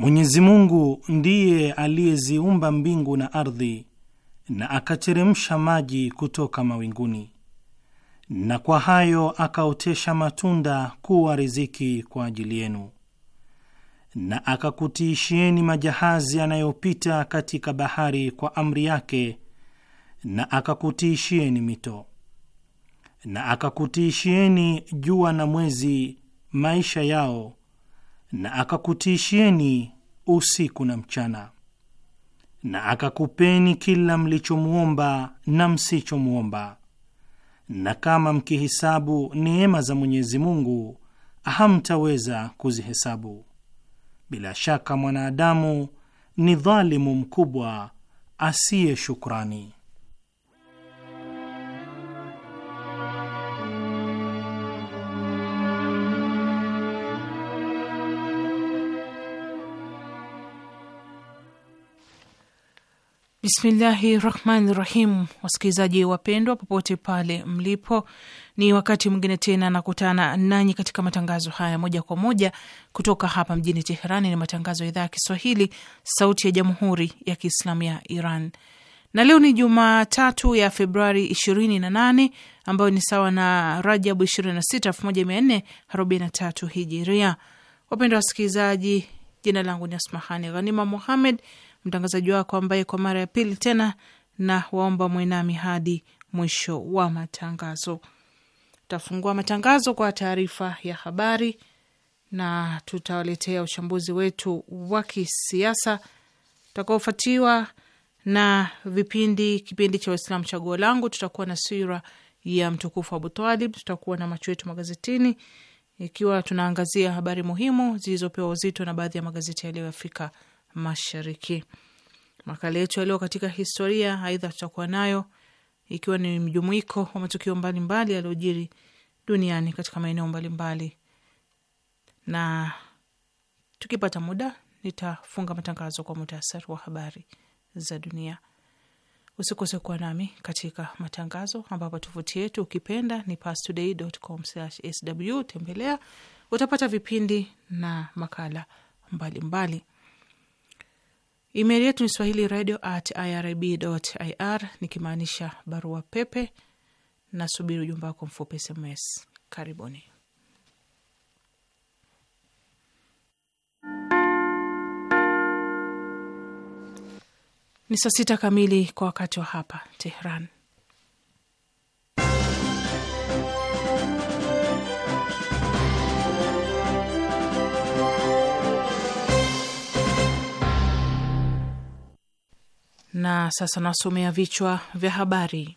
Mwenyezi Mungu ndiye aliyeziumba mbingu na ardhi na akateremsha maji kutoka mawinguni na kwa hayo akaotesha matunda kuwa riziki kwa ajili yenu na akakutiishieni majahazi yanayopita katika bahari kwa amri yake na akakutiishieni mito na akakutiishieni jua na mwezi maisha yao na akakutishieni usiku na mchana, na akakupeni kila mlichomwomba na msichomwomba, na kama mkihesabu neema za Mwenyezi Mungu hamtaweza kuzihesabu. Bila shaka mwanadamu ni dhalimu mkubwa asiye shukrani. Bismillahi rahmani rahim, wasikilizaji wapendwa popote pale mlipo, ni wakati mwingine tena nakutana nanyi katika matangazo haya moja kwa moja kutoka hapa mjini Teherani. Ni matangazo ya idhaa ya Kiswahili, sauti ya jamhuri ya kiislamu ya Iran, na leo ni Jumatatu ya Februari 28 ambayo ni sawa na Rajabu 26 1443 Hijiria. Wapendwa wasikilizaji, jina langu ni Asmahani Ghanima Muhamed mtangazaji wako ambaye kwa mara ya pili tena na waomba mwenami hadi mwisho wa matangazo. Tutafungua matangazo kwa taarifa ya habari na tutawaletea uchambuzi wetu wa kisiasa utakaofuatiwa na vipindi, kipindi cha Waislamu chaguo langu. Tutakuwa na sira ya mtukufu Abu Talib, tutakuwa na macho yetu magazetini, ikiwa tunaangazia habari muhimu zilizopewa uzito na baadhi ya magazeti ya Mashariki. Makala yetu yaliyo katika historia, aidha tutakuwa nayo ikiwa ni mjumuiko wa matukio mbalimbali yaliyojiri duniani katika maeneo mbalimbali, na tukipata muda nitafunga matangazo kwa muhtasari wa habari za dunia. Usikose kuwa nami katika matangazo, ambapo tovuti yetu ukipenda ni pastoday.com/sw. Tembelea, utapata vipindi na makala mbalimbali mbali. Email yetu ni swahili radio at irib ir, nikimaanisha barua pepe. Nasubiri ujumba wako mfupi SMS. Karibuni. Ni saa sita kamili kwa wakati wa hapa Tehran. na sasa nasomea vichwa vya habari.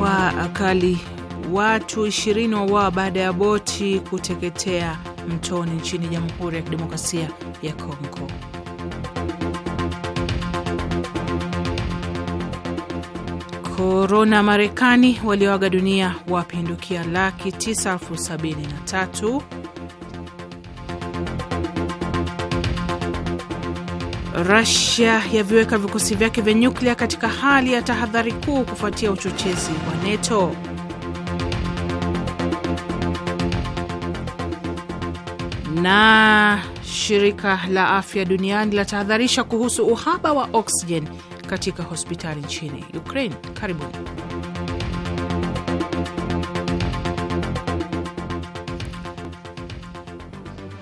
Wa akali watu ishirini wauawa baada ya boti kuteketea mtoni nchini Jamhuri ya Kidemokrasia ya Kongo. korona Marekani, walioaga dunia wapindukia laki tisa elfu sabini na tatu. Rasia yaviweka vikosi vyake vya nyuklia katika hali ya tahadhari kuu kufuatia uchochezi wa NATO. Na shirika la afya duniani la tahadharisha kuhusu uhaba wa oksijeni katika hospitali nchini Ukraine. Karibuni.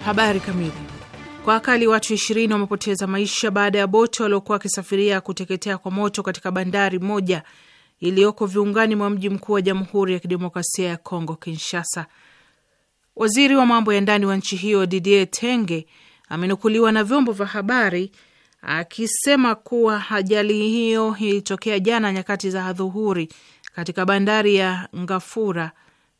Habari kamili. Kwa akali watu ishirini wamepoteza maisha baada ya boti waliokuwa wakisafiria kuteketea kwa moto katika bandari moja iliyoko viungani mwa mji mkuu wa Jamhuri ya Kidemokrasia ya Kongo, Kinshasa. Waziri wa mambo ya ndani wa nchi hiyo Didier Tenge amenukuliwa na vyombo vya habari akisema kuwa ajali hiyo ilitokea jana nyakati za adhuhuri katika bandari ya Ngafura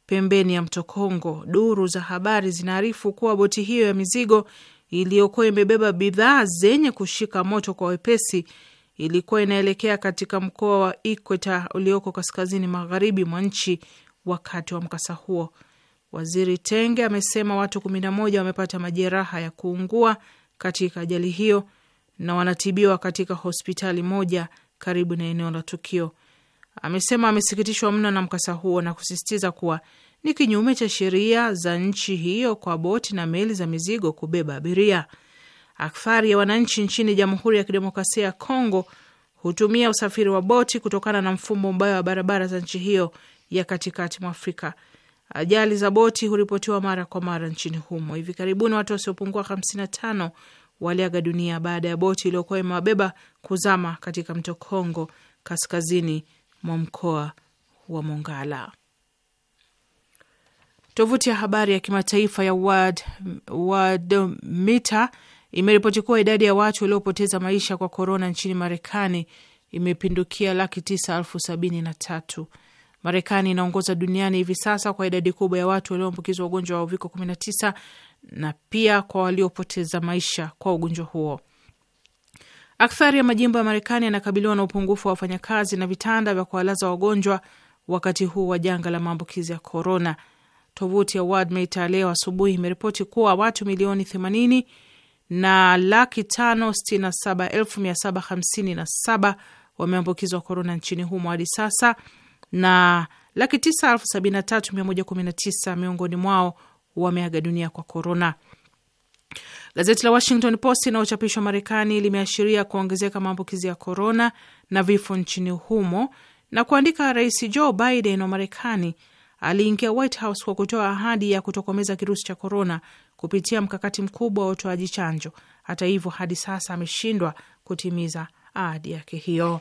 pembeni ya mto Kongo. Duru za habari zinaarifu kuwa boti hiyo ya mizigo iliyokuwa imebeba bidhaa zenye kushika moto kwa wepesi ilikuwa inaelekea katika mkoa wa Ikweta ulioko kaskazini magharibi mwa nchi wakati wa mkasa huo. Waziri Tenge amesema watu 11 wamepata majeraha ya kuungua katika ajali hiyo na wanatibiwa katika hospitali moja karibu na eneo la tukio. Amesema amesikitishwa mno na mkasa huo na kusisitiza kuwa ni kinyume cha sheria za nchi hiyo kwa boti na meli za mizigo kubeba abiria. Akthari ya wananchi nchini Jamhuri ya Kidemokrasia ya Kongo hutumia usafiri wa boti kutokana na mfumo mbaya wa barabara za nchi hiyo ya katikati mwa Afrika. Ajali za boti huripotiwa mara kwa mara nchini humo. Hivi karibuni watu wasiopungua 55 waliaga dunia baada ya boti iliyokuwa imewabeba kuzama katika mto Kongo kaskazini mwa mkoa wa Mongala. Tovuti ya habari ya kimataifa ya Worldometer imeripoti kuwa idadi ya watu waliopoteza maisha kwa korona nchini Marekani imepindukia laki tisa elfu sabini na tatu. Marekani inaongoza duniani hivi sasa kwa idadi kubwa ya watu walioambukizwa ugonjwa wa uviko 19 na pia kwa waliopoteza maisha kwa ugonjwa huo. Akthari ya majimbo ya Marekani yanakabiliwa na upungufu wa wafanyakazi na vitanda vya kuwalaza wagonjwa wakati huu wa janga la maambukizi ya korona. Tovuti ya leo asubuhi imeripoti kuwa watu milioni 80 na laki tano wameambukizwa korona nchini humo hadi sasa, na laki tisa elfu sabini na tatu mia moja kumi na tisa miongoni mwao wameaga dunia kwa korona. Gazeti la Washington Post linalochapishwa Marekani limeashiria kuongezeka maambukizi ya korona na vifo nchini humo na kuandika, Rais Joe Biden wa Marekani aliingia White House kwa kutoa ahadi ya kutokomeza kirusi cha korona kupitia mkakati mkubwa wa utoaji chanjo. Hata hivyo, hadi sasa ameshindwa kutimiza ahadi yake hiyo.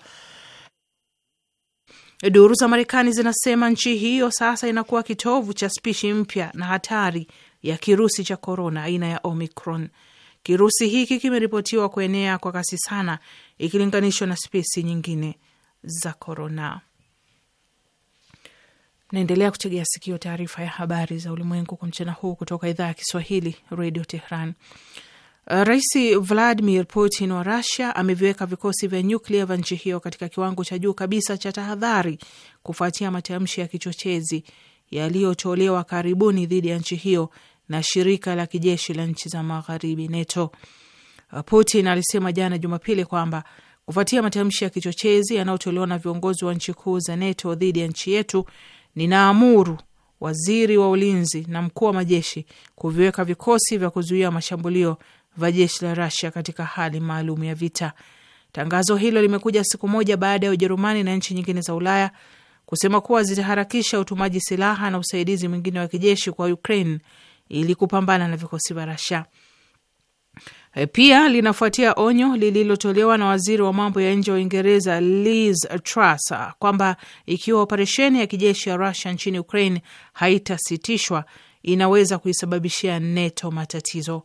Duru za Marekani zinasema nchi hiyo sasa inakuwa kitovu cha spishi mpya na hatari ya kirusi cha korona aina ya Omicron. Kirusi hiki kimeripotiwa kuenea kwa kasi sana ikilinganishwa na spishi nyingine za korona. Naendelea kutegea sikio taarifa ya habari za ulimwengu kwa mchana huu kutoka idhaa ya Kiswahili, Redio Tehran. Rais Vladimir Putin wa Rusia ameviweka vikosi vya nyuklia vya nchi hiyo katika kiwango cha juu kabisa cha tahadhari kufuatia matamshi ya kichochezi yaliyotolewa karibuni dhidi ya nchi hiyo na shirika la kijeshi la nchi za magharibi NATO. Putin alisema jana Jumapili kwamba kufuatia matamshi ya kichochezi yanayotolewa na viongozi wa nchi kuu za NATO dhidi ya nchi yetu, ninaamuru waziri wa ulinzi na mkuu wa majeshi kuviweka vikosi vya kuzuia mashambulio vya jeshi la Rasia katika hali maalum ya vita. Tangazo hilo limekuja siku moja baada ya Ujerumani na nchi nyingine za Ulaya kusema kuwa zitaharakisha utumaji silaha na usaidizi mwingine wa kijeshi kwa Ukraine ili kupambana na vikosi vya Rasia. E, pia linafuatia onyo lililotolewa na waziri wa mambo ya nje wa Uingereza Liz Truss kwamba ikiwa operesheni ya kijeshi ya Rusia nchini Ukraine haitasitishwa inaweza kuisababishia NATO matatizo.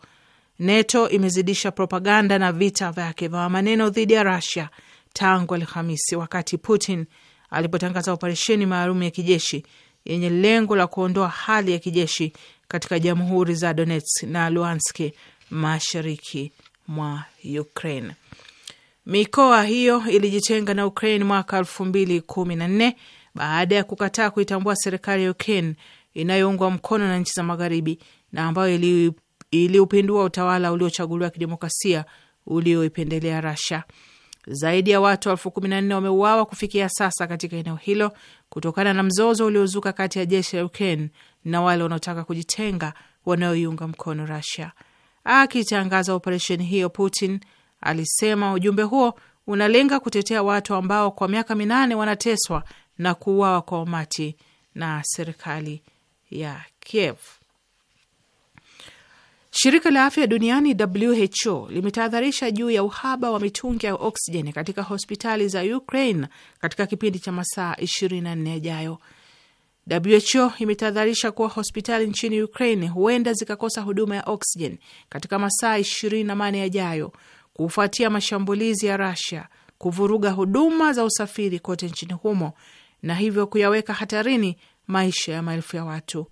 NATO imezidisha propaganda na vita vyake vya maneno dhidi ya Rusia tangu Alhamisi, wakati Putin alipotangaza operesheni maalum ya kijeshi yenye lengo la kuondoa hali ya kijeshi katika jamhuri za Donetsk na luanski mashariki mwa Ukraine. Mikoa hiyo ilijitenga na Ukraine mwaka elfu mbili kumi na nne baada ya kukataa kuitambua serikali ya Ukraine inayoungwa mkono na nchi za Magharibi na ambayo ili iliupindua utawala uliochaguliwa kidemokrasia ulioipendelea Rasha. Zaidi ya watu elfu kumi na nne wameuawa kufikia sasa katika eneo hilo kutokana na mzozo uliozuka kati ya jeshi la Ukraine na wale wanaotaka kujitenga wanaoiunga mkono rasia Akitangaza operesheni hiyo, Putin alisema ujumbe huo unalenga kutetea watu ambao kwa miaka minane wanateswa na kuuawa kwa umati na serikali ya Kiev. Shirika la afya duniani WHO limetahadharisha juu ya uhaba wa mitungi ya oksijeni katika hospitali za Ukraine katika kipindi cha masaa 24 yajayo. WHO imetahadharisha kuwa hospitali nchini Ukraine huenda zikakosa huduma ya oksijeni katika masaa 28 yajayo kufuatia mashambulizi ya Russia kuvuruga huduma za usafiri kote nchini humo na hivyo kuyaweka hatarini maisha ya maelfu ya watu.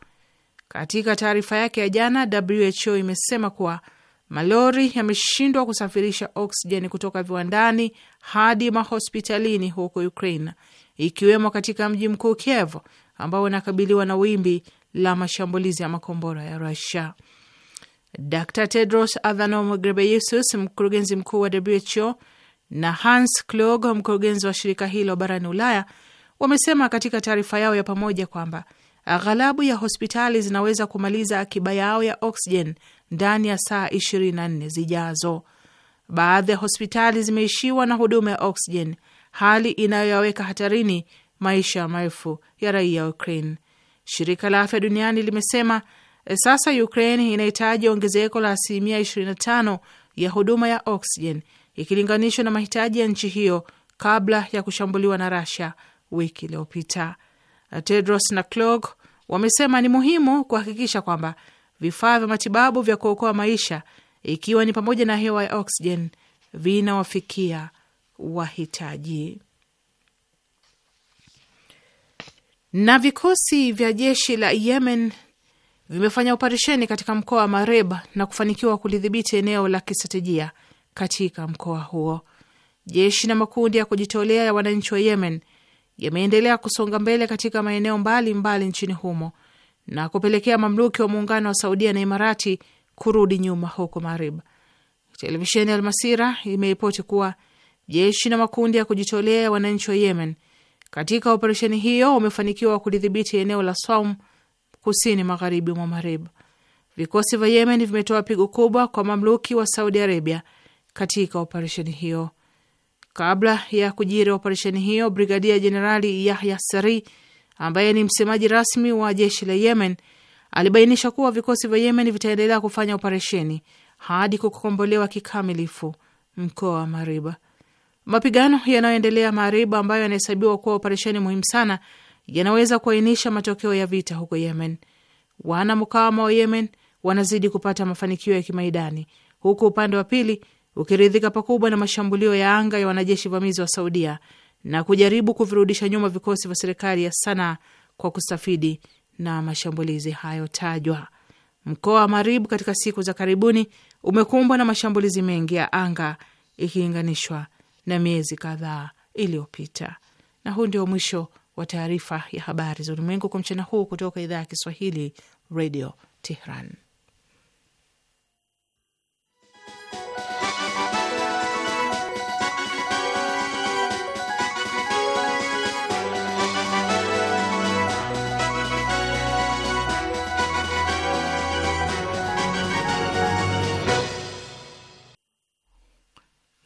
Katika taarifa yake ya jana, WHO imesema kuwa malori yameshindwa kusafirisha oksijeni kutoka viwandani hadi mahospitalini huko Ukraine, ikiwemo katika mji mkuu Kiev ambao unakabiliwa na wimbi la mashambulizi ya makombora ya Rusia. Dr Tedros Adhanom Ghebreyesus, mkurugenzi mkuu wa WHO na Hans Kluge, mkurugenzi wa shirika hilo barani Ulaya, wamesema katika taarifa yao ya pamoja kwamba Aghalabu ya hospitali zinaweza kumaliza akiba yao ya oksijen ndani ya saa 24 zijazo. Baadhi ya hospitali zimeishiwa na huduma ya oksijen hali inayoyaweka hatarini maisha maelfu ya raia wa Ukraine. Shirika la Afya Duniani limesema eh, sasa Ukraine inahitaji ongezeko la asilimia 25 ya huduma ya oksijen ikilinganishwa na mahitaji ya nchi hiyo kabla ya kushambuliwa na Russia wiki iliyopita. Tedros na Clog wamesema ni muhimu kuhakikisha kwamba vifaa vya matibabu vya kuokoa maisha ikiwa ni pamoja na hewa ya oksijen vinawafikia wahitaji. Na vikosi vya jeshi la Yemen vimefanya operesheni katika mkoa wa Mareb na kufanikiwa kulidhibiti eneo la kistratejia katika mkoa huo. Jeshi na makundi ya kujitolea ya wananchi wa Yemen yameendelea kusonga mbele katika maeneo mbalimbali mbali nchini humo na kupelekea mamluki wa muungano wa Saudia na Imarati kurudi nyuma huko Marib. Televisheni ya Almasira imeripoti kuwa jeshi na makundi ya kujitolea wananchi wa Yemen katika operesheni hiyo wamefanikiwa kulidhibiti eneo la Saum kusini magharibi mwa Marib. Vikosi vya Yemen vimetoa pigo kubwa kwa mamluki wa Saudi Arabia katika operesheni hiyo. Kabla ya kujiri operesheni hiyo, Brigadia Jenerali Yahya Sari ambaye ni msemaji rasmi wa jeshi la Yemen alibainisha kuwa vikosi vya Yemen vitaendelea kufanya operesheni hadi kukombolewa kikamilifu mkoa wa Mariba. Mapigano yanayoendelea Mariba, ambayo yanahesabiwa kuwa operesheni muhimu sana, yanaweza kuainisha matokeo ya vita huko Yemen. Wana mkawama wa Yemen wanazidi kupata mafanikio ya kimaidani, huku upande wa pili ukiridhika pakubwa na mashambulio ya anga ya wanajeshi vamizi wa Saudia na kujaribu kuvirudisha nyuma vikosi vya serikali ya Sanaa kwa kustafidi na mashambulizi hayo tajwa. Mkoa wa Marib katika siku za karibuni umekumbwa na mashambulizi mengi ya anga ikilinganishwa na miezi kadhaa iliyopita. Na huu ndio mwisho wa taarifa ya habari za ulimwengu kwa mchana huu kutoka idhaa ya Kiswahili, Radio Tehran.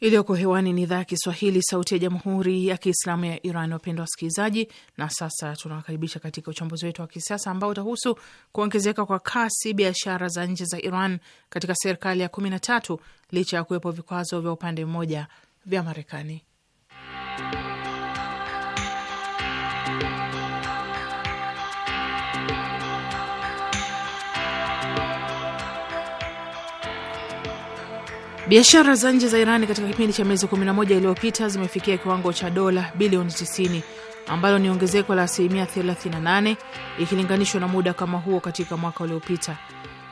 iliyoko hewani ni idhaa ya Kiswahili, sauti ya jamhuri ya kiislamu ya Iran. Wapendwa wasikilizaji, na sasa tunawakaribisha katika uchambuzi wetu wa kisiasa ambao utahusu kuongezeka kwa kasi biashara za nje za Iran katika serikali ya kumi na tatu licha ya kuwepo vikwazo vya upande mmoja vya Marekani. Biashara za nje za Irani katika kipindi cha miezi 11 iliyopita zimefikia kiwango cha dola bilioni 90 ambalo ni ongezeko la asilimia 38 ikilinganishwa na muda kama huo katika mwaka uliopita.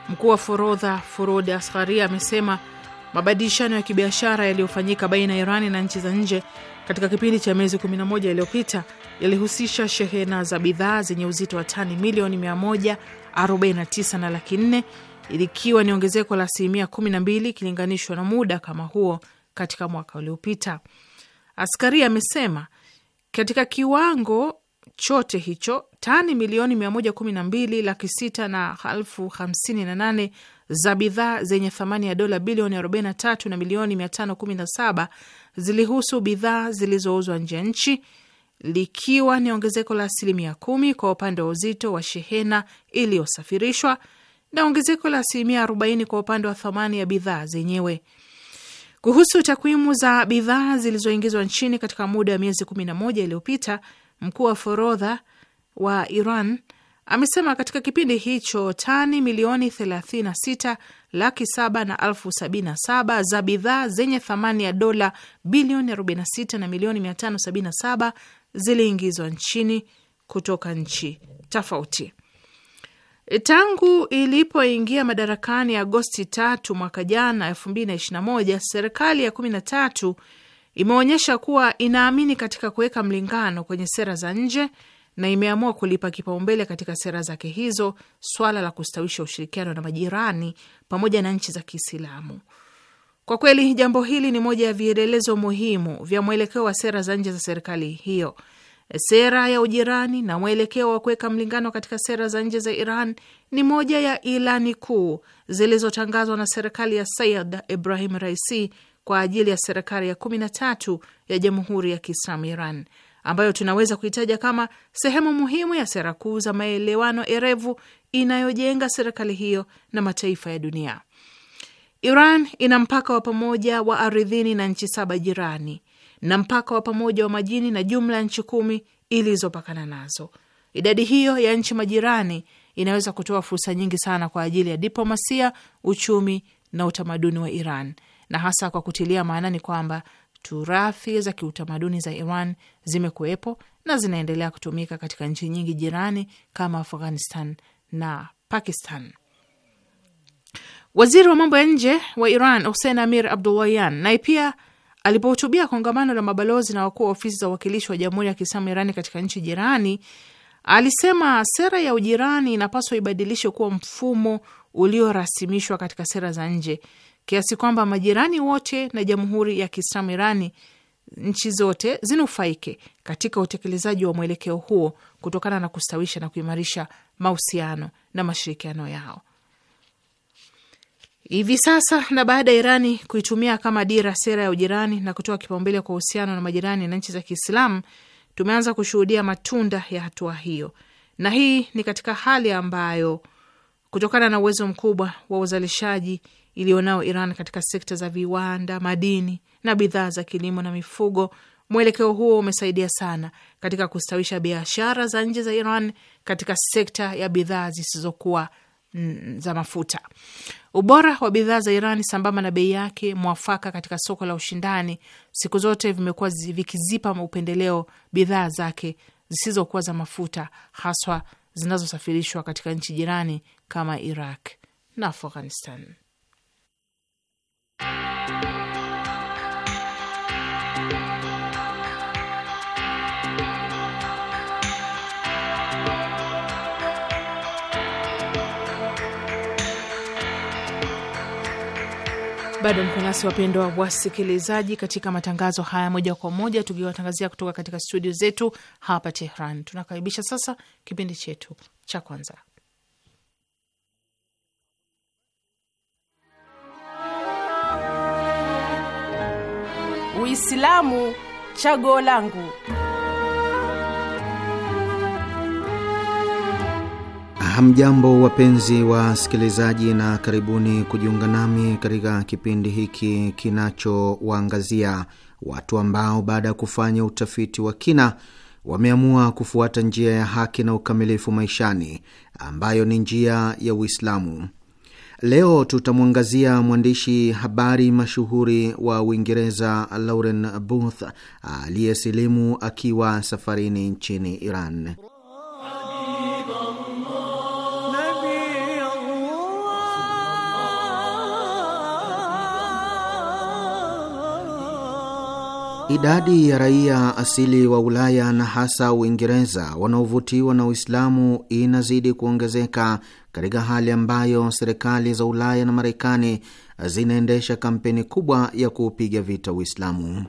Mkuu wa forodha Forod Asgharia amesema mabadilishano ya kibiashara yaliyofanyika baina ya Irani na nchi za nje katika kipindi cha miezi 11 iliyopita yalihusisha shehena za bidhaa zenye uzito wa tani milioni 149 na laki 4 ikiwa ni ongezeko la asilimia kumi na mbili ikilinganishwa na muda kama huo katika mwaka uliopita. Askari amesema katika kiwango chote hicho tani milioni mia moja kumi na mbili laki sita na elfu hamsini na nane za bidhaa zenye thamani ya dola bilioni arobaini na tatu na milioni mia tano kumi na saba zilihusu bidhaa zilizouzwa nje ya nchi likiwa ni ongezeko la asilimia kumi kwa upande wa uzito wa shehena iliyosafirishwa na ongezeko la asilimia 40 kwa upande wa thamani ya bidhaa zenyewe. Kuhusu takwimu za bidhaa zilizoingizwa nchini katika muda wa miezi 11 iliyopita, mkuu wa forodha wa Iran amesema katika kipindi hicho tani milioni 36 laki 7 na elfu 77 za bidhaa zenye thamani ya dola bilioni 46 na milioni 577 ziliingizwa nchini kutoka nchi tofauti. Tangu ilipoingia madarakani Agosti tatu mwaka jana elfu mbili na ishirini na moja, serikali ya kumi na tatu imeonyesha kuwa inaamini katika kuweka mlingano kwenye sera za nje na imeamua kulipa kipaumbele katika sera zake hizo swala la kustawisha ushirikiano na majirani pamoja na nchi za Kiislamu. Kwa kweli jambo hili ni moja ya vielelezo muhimu vya mwelekeo wa sera za nje za serikali hiyo Sera ya ujirani na mwelekeo wa kuweka mlingano katika sera za nje za Iran ni moja ya ilani kuu zilizotangazwa na serikali ya Sayid Ibrahim Raisi kwa ajili ya serikali ya kumi na tatu ya Jamhuri ya Kiislamu Iran, ambayo tunaweza kuitaja kama sehemu muhimu ya sera kuu za maelewano erevu inayojenga serikali hiyo na mataifa ya dunia. Iran ina mpaka wa pamoja wa ardhini na nchi saba jirani na mpaka wa pamoja wa majini na jumla ya nchi kumi ilizopakana nazo. Idadi hiyo ya nchi majirani inaweza kutoa fursa nyingi sana kwa ajili ya diplomasia, uchumi na utamaduni wa Iran, na hasa kwa kutilia maanani kwamba turathi za kiutamaduni za Iran zimekuwepo na zinaendelea kutumika katika nchi nyingi jirani kama Afghanistan na Pakistan. Waziri wa mambo ya nje wa Iran Hussein Amir Abdullahian naye pia Alipohutubia kongamano la mabalozi na wakuu wa ofisi za uwakilishi wa Jamhuri ya Kiislamu Irani katika nchi jirani, alisema sera ya ujirani inapaswa ibadilishe kuwa mfumo uliorasimishwa katika sera za nje, kiasi kwamba majirani wote na Jamhuri ya Kiislamu Irani nchi zote zinufaike katika utekelezaji wa mwelekeo huo kutokana na kustawisha na kuimarisha mahusiano na mashirikiano yao hivi sasa na baada ya Irani kuitumia kama dira sera ya ujirani na kutoa kipaumbele kwa uhusiano na majirani na nchi za Kiislamu, tumeanza kushuhudia matunda ya hatua hiyo, na hii ni katika hali ambayo kutokana na uwezo mkubwa wa uzalishaji iliyonao Iran katika sekta za viwanda, madini na bidhaa za kilimo na mifugo, mwelekeo huo umesaidia sana katika kustawisha biashara za nje za Iran katika sekta ya bidhaa zisizokuwa Mm, za mafuta. Ubora wa bidhaa za Irani sambamba na bei yake mwafaka katika soko la ushindani siku zote vimekuwa vikizipa upendeleo bidhaa zake zisizokuwa za mafuta, haswa zinazosafirishwa katika nchi jirani kama Iraq na Afghanistan. Bado mko nasi wapendwa wasikilizaji, katika matangazo haya moja kwa moja tukiwatangazia kutoka katika studio zetu hapa Tehran. Tunakaribisha sasa kipindi chetu cha kwanza Uislamu chaguo langu. Hamjambo, wapenzi wa sikilizaji, na karibuni kujiunga nami katika kipindi hiki kinachowaangazia watu ambao baada ya kufanya utafiti wa kina wameamua kufuata njia ya haki na ukamilifu maishani ambayo ni njia ya Uislamu. Leo tutamwangazia mwandishi habari mashuhuri wa Uingereza Lauren Booth aliyesilimu akiwa safarini nchini Iran. Idadi ya raia asili wa Ulaya na hasa Uingereza wanaovutiwa na Uislamu inazidi kuongezeka katika hali ambayo serikali za Ulaya na Marekani zinaendesha kampeni kubwa ya kuupiga vita Uislamu.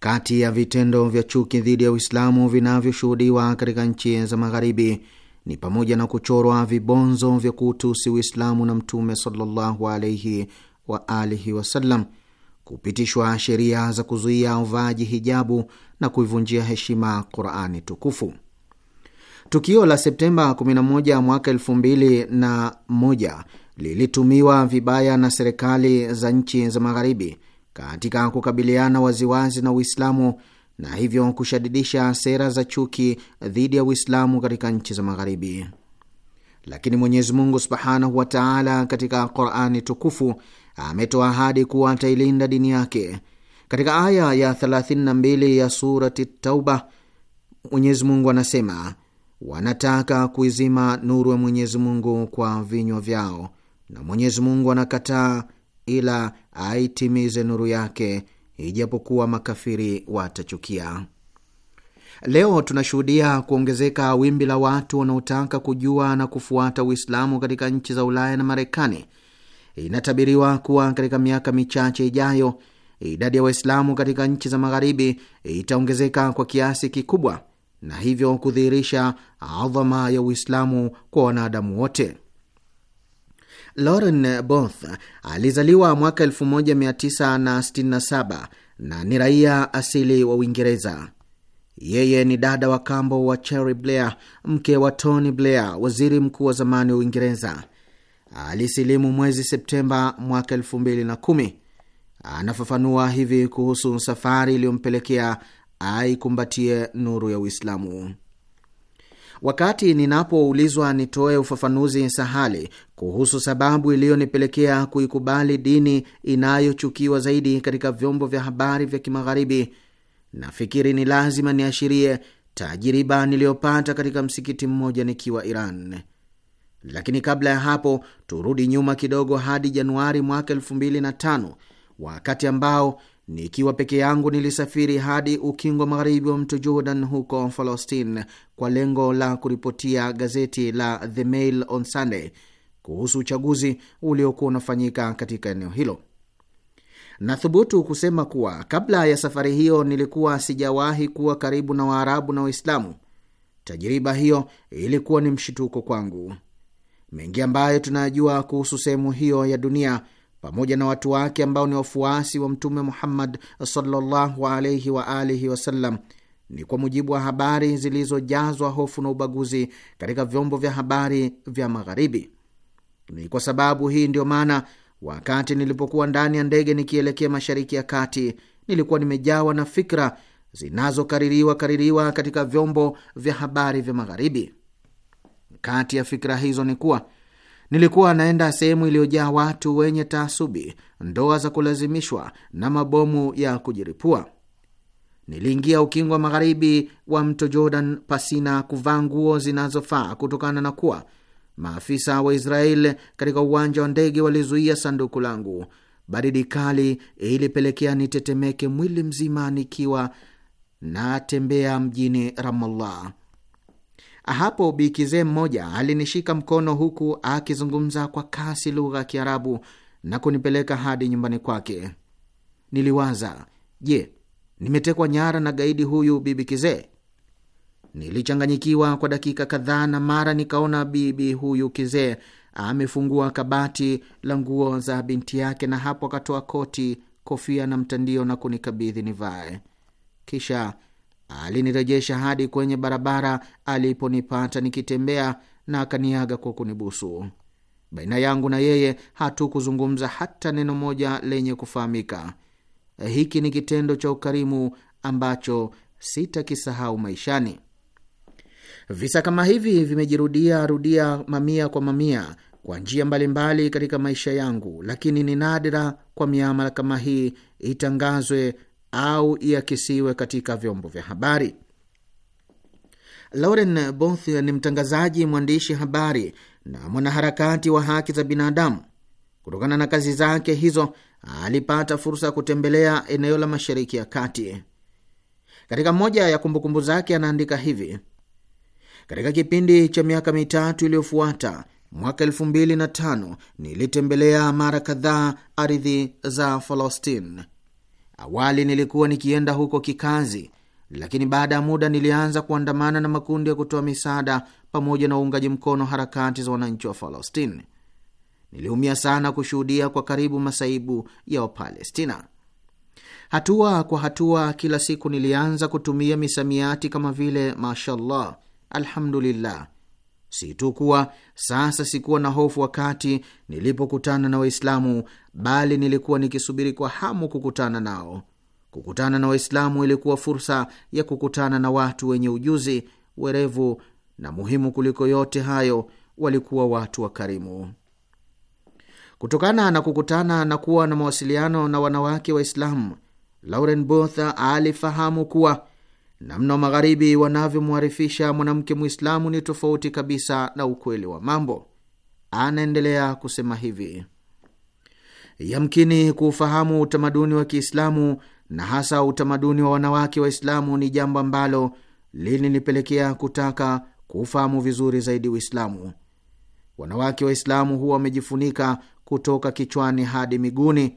Kati ya vitendo vya chuki dhidi ya Uislamu vinavyoshuhudiwa katika nchi za Magharibi ni pamoja na kuchorwa vibonzo vya kuutusi Uislamu na Mtume sallallahu alaihi wa alihi wasallam kupitishwa sheria za kuzuia uvaaji hijabu na kuivunjia heshima Qurani tukufu. Tukio la Septemba 11 mwaka 2001 lilitumiwa vibaya na serikali za nchi za Magharibi katika kukabiliana waziwazi na Uislamu na hivyo kushadidisha sera za chuki dhidi ya Uislamu katika nchi za Magharibi. Lakini Mwenyezi Mungu subhanahu wa taala katika Qurani tukufu ametoa ahadi kuwa atailinda dini yake. Katika aya ya 32 ya surati Tauba, Mwenyezi Mungu anasema wanataka kuizima nuru ya Mwenyezi Mungu kwa vinywa vyao, na Mwenyezi Mungu anakataa ila aitimize nuru yake, ijapokuwa makafiri watachukia. Leo tunashuhudia kuongezeka wimbi la watu wanaotaka kujua na kufuata Uislamu katika nchi za Ulaya na Marekani Inatabiriwa kuwa katika miaka michache ijayo idadi ya Waislamu katika nchi za magharibi itaongezeka kwa kiasi kikubwa na hivyo kudhihirisha adhama ya Uislamu kwa wanadamu wote. Lauren Both alizaliwa mwaka 1967 na ni raia asili wa Uingereza. Yeye ni dada wa kambo wa Chery Blair, mke wa Tony Blair, waziri mkuu wa zamani wa Uingereza alisilimu mwezi Septemba mwaka 2010. Anafafanua hivi kuhusu safari iliyompelekea aikumbatie nuru ya Uislamu. Wakati ninapoulizwa nitoe ufafanuzi sahali kuhusu sababu iliyonipelekea kuikubali dini inayochukiwa zaidi katika vyombo vya habari vya Kimagharibi, nafikiri ni lazima niashirie tajiriba niliyopata katika msikiti mmoja nikiwa Iran. Lakini kabla ya hapo turudi nyuma kidogo hadi Januari mwaka tano wakati ambao nikiwa peke yangu nilisafiri hadi ukingo magharibi wa mto Jordan huko Palestine kwa lengo la kuripotia gazeti la The Mail on Sunday kuhusu uchaguzi uliokuwa unafanyika katika eneo hilo. Nathubutu kusema kuwa kabla ya safari hiyo nilikuwa sijawahi kuwa karibu na Waarabu na Waislamu. Tajiriba hiyo ilikuwa ni mshituko kwangu. Mengi ambayo tunayajua kuhusu sehemu hiyo ya dunia pamoja na watu wake ambao ni wafuasi wa Mtume Muhammad sallallahu alaihi wa alihi wasallam ni kwa mujibu wa habari zilizojazwa hofu na ubaguzi katika vyombo vya habari vya Magharibi. Ni kwa sababu hii ndiyo maana wakati nilipokuwa ndani ya ndege nikielekea Mashariki ya Kati, nilikuwa nimejawa na fikra zinazokaririwa kaririwa katika vyombo vya habari vya Magharibi. Kati ya fikra hizo ni kuwa nilikuwa naenda sehemu iliyojaa watu wenye taasubi, ndoa za kulazimishwa na mabomu ya kujiripua. Niliingia ukingo wa magharibi wa mto Jordan pasina kuvaa nguo zinazofaa kutokana na kuwa maafisa wa Israeli katika uwanja wa ndege walizuia sanduku langu. Baridi kali ilipelekea nitetemeke mwili mzima nikiwa natembea mjini Ramallah. Hapo bikizee mmoja alinishika mkono huku akizungumza kwa kasi lugha ya Kiarabu na kunipeleka hadi nyumbani kwake. Niliwaza, je, nimetekwa nyara na gaidi huyu bibi kizee? Nilichanganyikiwa kwa dakika kadhaa, na mara nikaona bibi huyu kizee amefungua kabati la nguo za binti yake, na hapo akatoa koti, kofia na mtandio na kunikabidhi nivae. Kisha alinirejesha hadi kwenye barabara aliponipata nikitembea na akaniaga kwa kunibusu. Baina yangu na yeye hatukuzungumza hata neno moja lenye kufahamika. Hiki ni kitendo cha ukarimu ambacho sitakisahau maishani. Visa kama hivi vimejirudia rudia mamia kwa mamia kwa njia mbalimbali katika maisha yangu, lakini ni nadra kwa miamala kama hii itangazwe au iakisiwe katika vyombo vya habari. Lauren Both ni mtangazaji, mwandishi habari na mwanaharakati wa haki za binadamu. Kutokana na kazi zake hizo, alipata fursa ya kutembelea eneo la Mashariki ya Kati. Katika moja ya kumbukumbu zake anaandika hivi: katika kipindi cha miaka mitatu iliyofuata, mwaka elfu mbili na tano, nilitembelea mara kadhaa ardhi za Palestina Awali nilikuwa nikienda huko kikazi, lakini baada ya muda nilianza kuandamana na makundi ya kutoa misaada pamoja na uungaji mkono harakati za wananchi wa Palestina. Niliumia sana kushuhudia kwa karibu masaibu ya Wapalestina. Hatua kwa hatua, kila siku nilianza kutumia misamiati kama vile mashallah, alhamdulillah Si tu kuwa sasa sikuwa na hofu wakati nilipokutana na Waislamu, bali nilikuwa nikisubiri kwa hamu kukutana nao. Kukutana na Waislamu ilikuwa fursa ya kukutana na watu wenye ujuzi, werevu na muhimu kuliko yote hayo, walikuwa watu wakarimu. Kutokana na kukutana na kuwa na mawasiliano na wanawake Waislamu, Lauren Botha alifahamu kuwa namna wa Magharibi wanavyomwarifisha mwanamke Mwislamu ni tofauti kabisa na ukweli wa mambo. Anaendelea kusema hivi: yamkini kuufahamu utamaduni wa Kiislamu na hasa utamaduni wa wanawake Waislamu ni jambo ambalo lilinipelekea kutaka kuufahamu vizuri zaidi Uislamu. Wanawake Waislamu huwa wamejifunika kutoka kichwani hadi miguuni,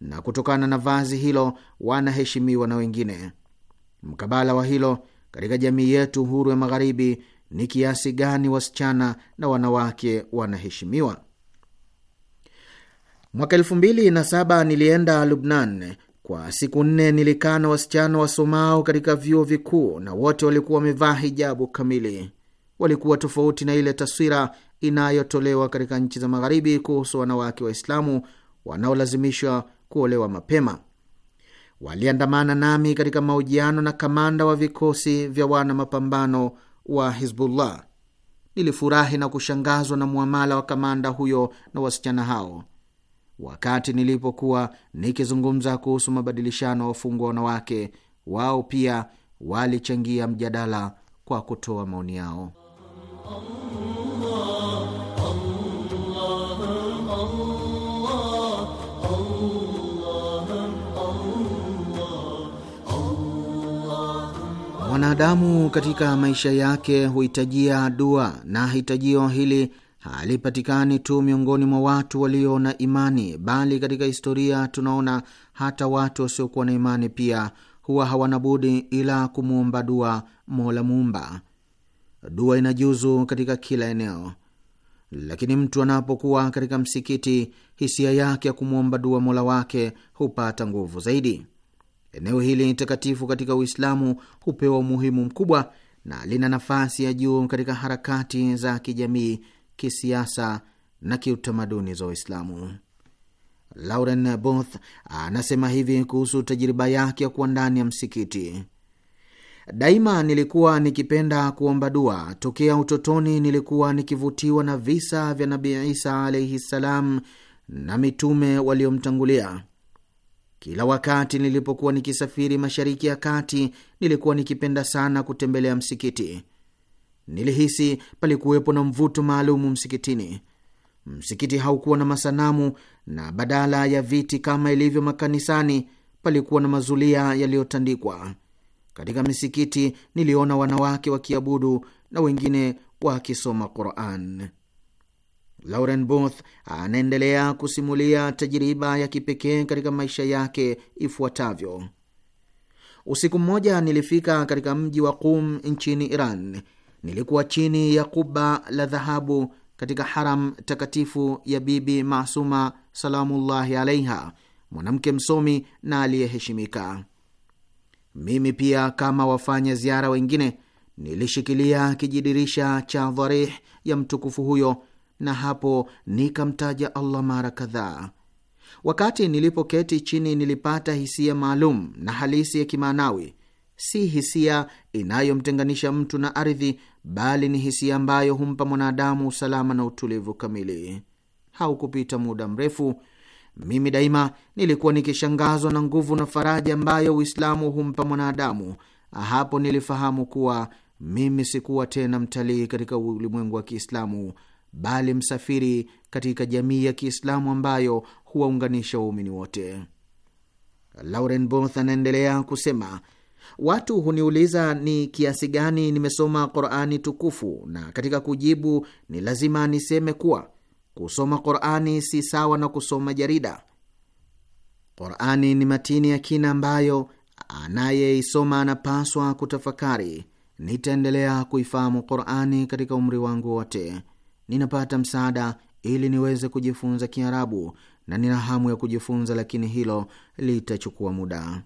na kutokana na vazi hilo wanaheshimiwa na wengine. Mkabala wa hilo, katika jamii yetu huru ya Magharibi, ni kiasi gani wasichana na wanawake wanaheshimiwa? Mwaka elfu mbili na saba nilienda Lubnan kwa siku nne. Nilikaa na wasichana wasomao katika vyuo vikuu na wote walikuwa wamevaa hijabu kamili. Walikuwa tofauti na ile taswira inayotolewa katika nchi za Magharibi kuhusu wanawake Waislamu wanaolazimishwa kuolewa mapema waliandamana nami katika mahojiano na kamanda wa vikosi vya wana mapambano wa Hizbullah. Nilifurahi na kushangazwa na mwamala wa kamanda huyo na wasichana hao. Wakati nilipokuwa nikizungumza kuhusu mabadilishano ya wafungwa wanawake, wao pia walichangia mjadala kwa kutoa maoni yao. Mwanadamu katika maisha yake huhitajia dua na hitajio hili halipatikani tu miongoni mwa watu walio na imani, bali katika historia tunaona hata watu wasiokuwa na imani pia huwa hawana budi ila kumwomba dua Mola Muumba. Dua inajuzu katika kila eneo, lakini mtu anapokuwa katika msikiti, hisia yake ya kumwomba dua Mola wake hupata nguvu zaidi. Eneo hili ni takatifu katika Uislamu hupewa umuhimu mkubwa na lina nafasi ya juu katika harakati za kijamii, kisiasa na kiutamaduni za Waislamu. Lauren Both anasema hivi kuhusu tajiriba yake ya kuwa ndani ya msikiti: Daima nilikuwa nikipenda kuomba dua. Tokea utotoni nilikuwa nikivutiwa na visa vya Nabii Isa alaihi ssalam na mitume waliomtangulia. Kila wakati nilipokuwa nikisafiri Mashariki ya Kati, nilikuwa nikipenda sana kutembelea msikiti. Nilihisi palikuwepo na mvuto maalumu msikitini. Msikiti haukuwa na masanamu na badala ya viti kama ilivyo makanisani, palikuwa na mazulia yaliyotandikwa. Katika misikiti niliona wanawake wakiabudu na wengine wakisoma Quran. Lauren Booth anaendelea kusimulia tajiriba ya kipekee katika maisha yake ifuatavyo: usiku mmoja nilifika katika mji wa Qum nchini Iran. Nilikuwa chini ya kuba la dhahabu katika haram takatifu ya Bibi Masuma salamullahi alaiha, mwanamke msomi na aliyeheshimika. Mimi pia kama wafanya ziara wengine nilishikilia kijidirisha cha dharih ya mtukufu huyo na hapo nikamtaja Allah mara kadhaa. Wakati nilipoketi chini, nilipata hisia maalum na halisi ya kimaanawi, si hisia inayomtenganisha mtu na ardhi, bali ni hisia ambayo humpa mwanadamu usalama na utulivu kamili. Haukupita muda mrefu, mimi daima nilikuwa nikishangazwa na nguvu na faraja ambayo Uislamu humpa mwanadamu. Hapo nilifahamu kuwa mimi sikuwa tena mtalii katika ulimwengu wa Kiislamu, bali msafiri katika jamii ya Kiislamu ambayo huwaunganisha waumini wote. Lauren Both anaendelea kusema, watu huniuliza ni kiasi gani nimesoma Qurani tukufu, na katika kujibu ni lazima niseme kuwa kusoma Qurani si sawa na kusoma jarida. Qurani ni matini ya kina ambayo anayeisoma anapaswa kutafakari. Nitaendelea kuifahamu Qurani katika umri wangu wote ninapata msaada ili niweze kujifunza Kiarabu na nina hamu ya kujifunza, lakini hilo litachukua muda.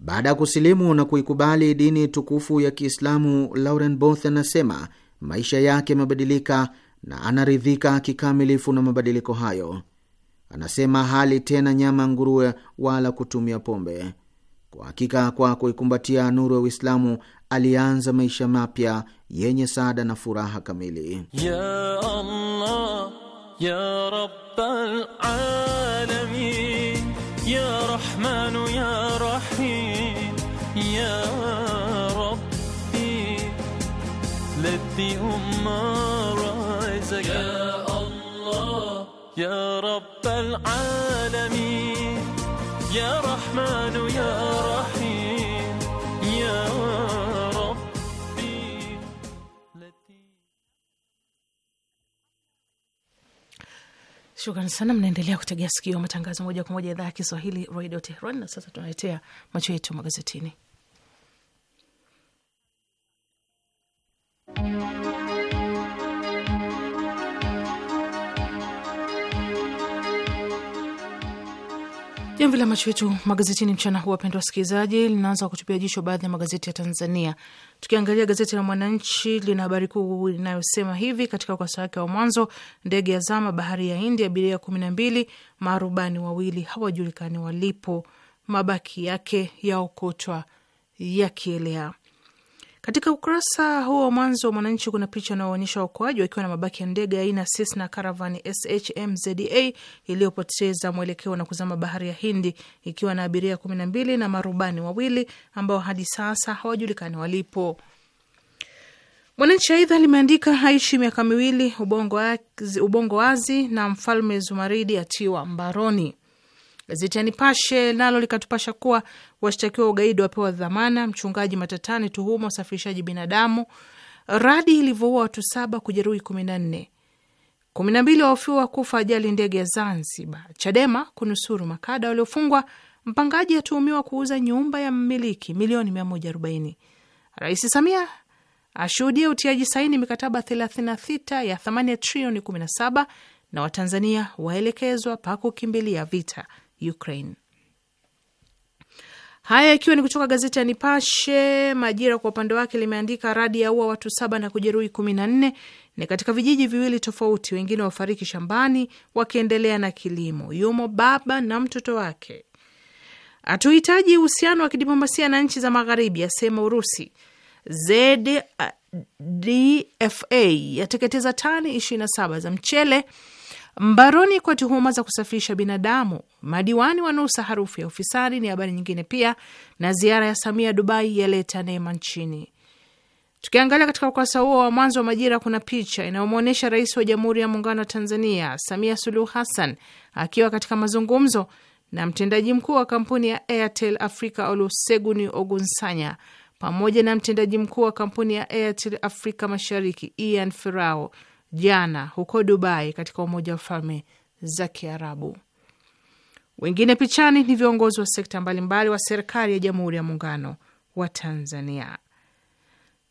Baada ya kusilimu na kuikubali dini tukufu ya Kiislamu, Lauren Both anasema maisha yake yamebadilika na anaridhika kikamilifu na mabadiliko hayo. Anasema hali tena nyama nguruwe wala kutumia pombe. Kwa hakika kwa kuikumbatia nuru ya Uislamu alianza maisha mapya yenye saada na furaha kamili ya Allah, ya Rabbal alamin, ya Rahmanu, ya Rahim, ya Rabbi, ladhi umma raizaka, ya Allah, ya Rabbal alamin Shukran sana, mnaendelea kutegea sikio matangazo moja kwa moja idhaa ya Kiswahili, Radio Tehran. Na sasa tunaletea macho yetu magazetini. Jamvi la macho yetu magazetini mchana huu, wapendwa wasikilizaji, linaanza kutupia jicho baadhi ya magazeti ya Tanzania. Tukiangalia gazeti la Mwananchi lina habari kuu inayosema hivi katika ukurasa wake wa mwanzo: ndege ya zama bahari ya indi abiria kumi na mbili, marubani wawili hawajulikani walipo, mabaki yake yaokotwa yakielea. Katika ukurasa huo wa mwanzo wa Mwananchi kuna picha inayoonyesha waokoaji wakiwa na mabaki ya ndege aina Cessna Caravan SHMZA iliyopoteza mwelekeo na kuzama bahari ya Hindi ikiwa na abiria kumi na mbili na marubani wawili ambao hadi sasa hawajulikani walipo. Mwananchi aidha limeandika haishi miaka miwili, ubongo wazi na mfalme Zumaridi atiwa mbaroni. Gazeti ya Nipashe nalo likatupasha kuwa washtakiwa ugaidi wapewa dhamana, mchungaji matatani tuhuma usafirishaji binadamu, radi ilivyoua watu saba kujeruhi kumi na nne, kumi na mbili wahofiwa kufa ajali ndege ya Zanzibar, Chadema kunusuru makada waliofungwa, mpangaji atuhumiwa kuuza nyumba ya mmiliki milioni mia moja arobaini, Rais Samia ashuhudia utiaji saini mikataba 36 ya thamani ya trilioni 17 na Watanzania waelekezwa pa kukimbilia vita Ukraine. Haya ikiwa ni kutoka gazeti ya Nipashe. Majira kwa upande wake limeandika radi ya ua watu saba na kujeruhi kumi na nne ni katika vijiji viwili tofauti, wengine wafariki shambani wakiendelea na kilimo. Yumo baba na mtoto wake. Hatuhitaji uhusiano wa kidiplomasia na nchi za magharibi, asema Urusi. ZDFA yateketeza tani 27 za mchele mbaroni kwa tuhuma za kusafirisha binadamu. Madiwani wanusa harufu ya ufisadi ni habari nyingine pia, na ziara ya Samia Dubai yaleta neema nchini. Tukiangalia katika ukurasa huo wa mwanzo wa Majira kuna picha inayomwonyesha Rais wa Jamhuri ya Muungano wa Tanzania Samia Suluhu Hassan akiwa katika mazungumzo na mtendaji mkuu wa kampuni ya Airtel Africa Olusegun Ogunsanya pamoja na mtendaji mkuu wa kampuni ya Airtel Africa Mashariki Ian Ferao jana huko Dubai katika Umoja wa Falme za Kiarabu. Wengine pichani ni viongozi wa sekta mbalimbali wa serikali ya Jamhuri ya Muungano wa Tanzania.